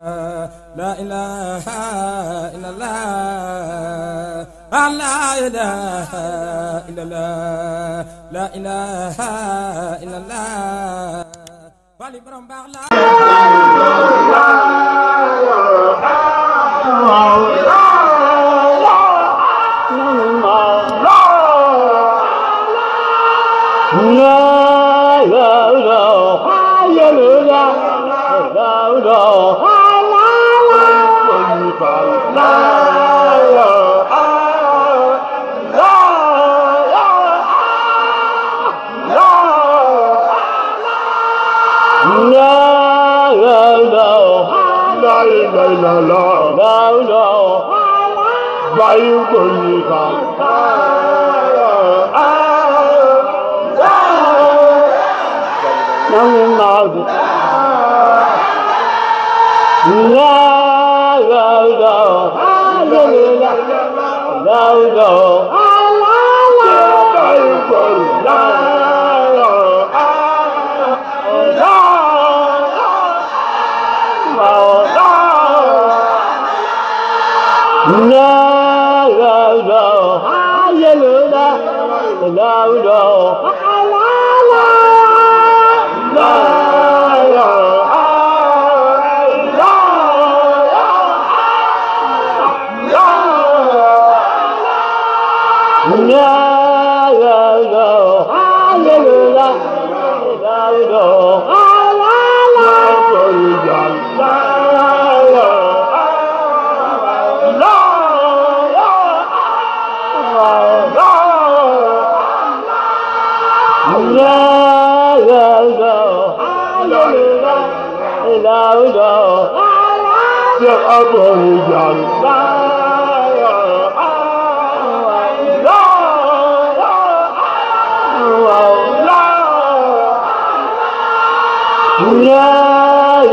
لا إله إلا الله لا إله إلا الله لا إله إلا الله فالي برم بغلا No, no, no, no, no, no. बायदि go. Hallelujah. Yeah la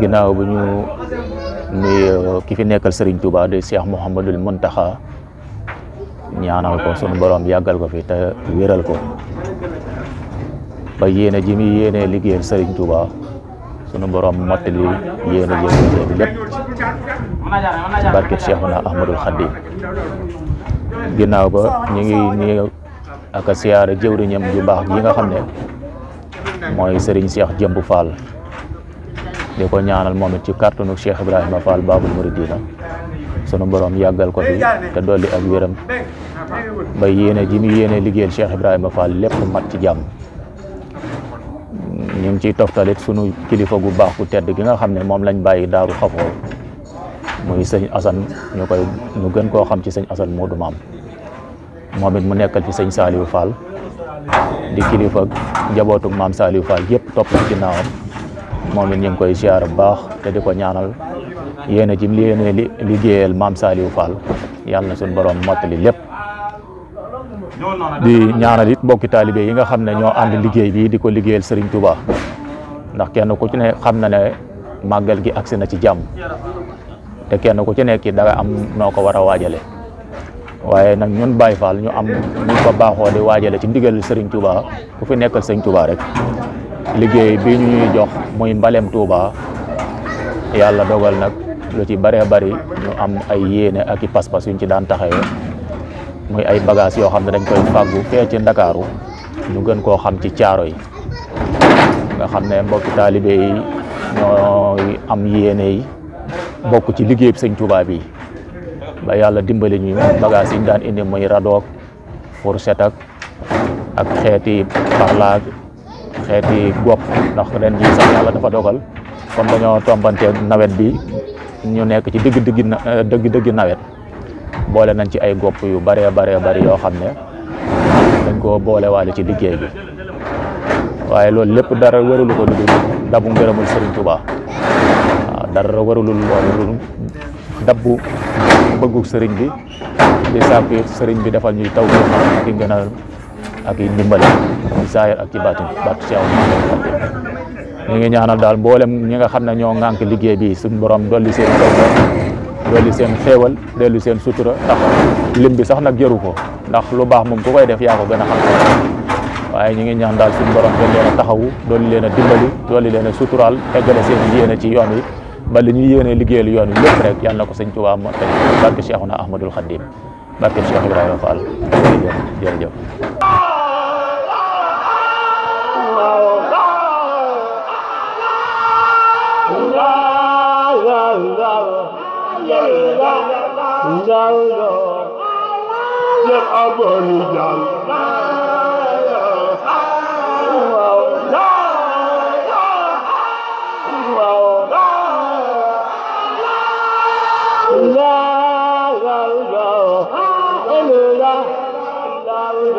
ginnaaw bu ñu nuyoo ki fi nekkal Serigne Touba di Cheikh Mouhamadul Mountakha ñaanal ko sunu borom yàggal ko fi te wéral ko ba yéene ji mi yéene liggéeyal Serigne Touba sunu borom mottali yéene ji liggéey lépp ci barkeb Cheikhuna Ahmadul Khadim ginnaaw ba ñu ngi ñu ak siyaare ju baax yi nga xam ne mooy sëriñ seex Jëmb Fall di ko ñaanal moom ci kàttanu Cheikh Ibrahima Fall Babul Mouridina sunu borom yàggal ko fi te dolli ak wéram ba yéene ji mu yéene liggéeyal Cheikh Ibrahima Fall lépp mat ci jàmm ñu ngi ciy toftalit sunu kilifa gu baax ku tedd ki nga xam ne moom lañ bàyyi daaru xafoo muy sëñ Assane ñu koy ñu gën koo xam ci sëñ Assane Modou Maam moom mu nekkal ci sëñ Saliou Fall di kilifa jabootug maam Saliou Fall yëpp topp na moom it ñu koy siyaar bu baax te di ko ñaanal yéen a ci yéen liggéeyal maam Saliou Fall yàlla na suñu borom mottali di ñaanal yit mbokki taalibe yi nga xam ne ñoo ànd liggéey bi di ko liggéeyal Serigne Touba ndax kenn ku ci ne xam na ne màggal gi agsi na ci jàmm te kenn ku ci nekk da nga am noo ko war a waajalee. waaye nag ñun Baye Fall ñu am ñu ko baaxoo di waajale ci ndigal Serigne Touba ku fi nekkal Serigne Touba rek liggéey bi ñu ñuy jox muy mbalem Touba yàlla dogal nag lu ci bëree bari ñu am ay yéene ak i pas-pas yuñ ci daan taxawee muy ay bagages yoo xam ne dañ koy fàggu fee ci Ndakaaru ñu gën koo xam ci caaro yi nga xam ne mbokki taalibe yi ñooy am yéene yi bokk ci liggéey bi Serigne Touba bi ba yalla dimbali ñu bagage yi daan indi rado radoog fourchette ak ak xéti parlaag xéti gop ndax ren ji sax yalla dafa dogal comme dañoo tombanté nawet bi ñu nekk ci digg digg dëgg dëgg nawet boole nañ ci ay gop yu bare bare bare yo xamné dañ ko boole walé ci liggéey bi waye lool lepp dara warulu ko lu dabu ngeeramul Serigne Touba dara lu bëggug sëriñ bi di sàkku it sëriñ bi defal ñu taw ak i ngënal ak ak ci baatin baatu ci ñu ngi ñaanal daal mboolem ñi nga xam ne ñoo ŋànk liggéey bi suñu borom dolli seen taw dolli seen xéewal dolli seen sutura ndax lim bi sax nag jëru ko ndax lu baax moom ku koy def yaa ko gën a xam waaye ñu ngi ñaan daal suñu borom dolli leen a taxawu dolli leen a dimbali dolli leen a suturaal eggale seen yéene ci yoon wi ba li ñuy yéene liggéeyal yoon wi rek yalla na ko sëñ Tuubaa moo barke Cheikhuna Ahmadul Khadim barke Cheikh ibrahim Fall Allah Allah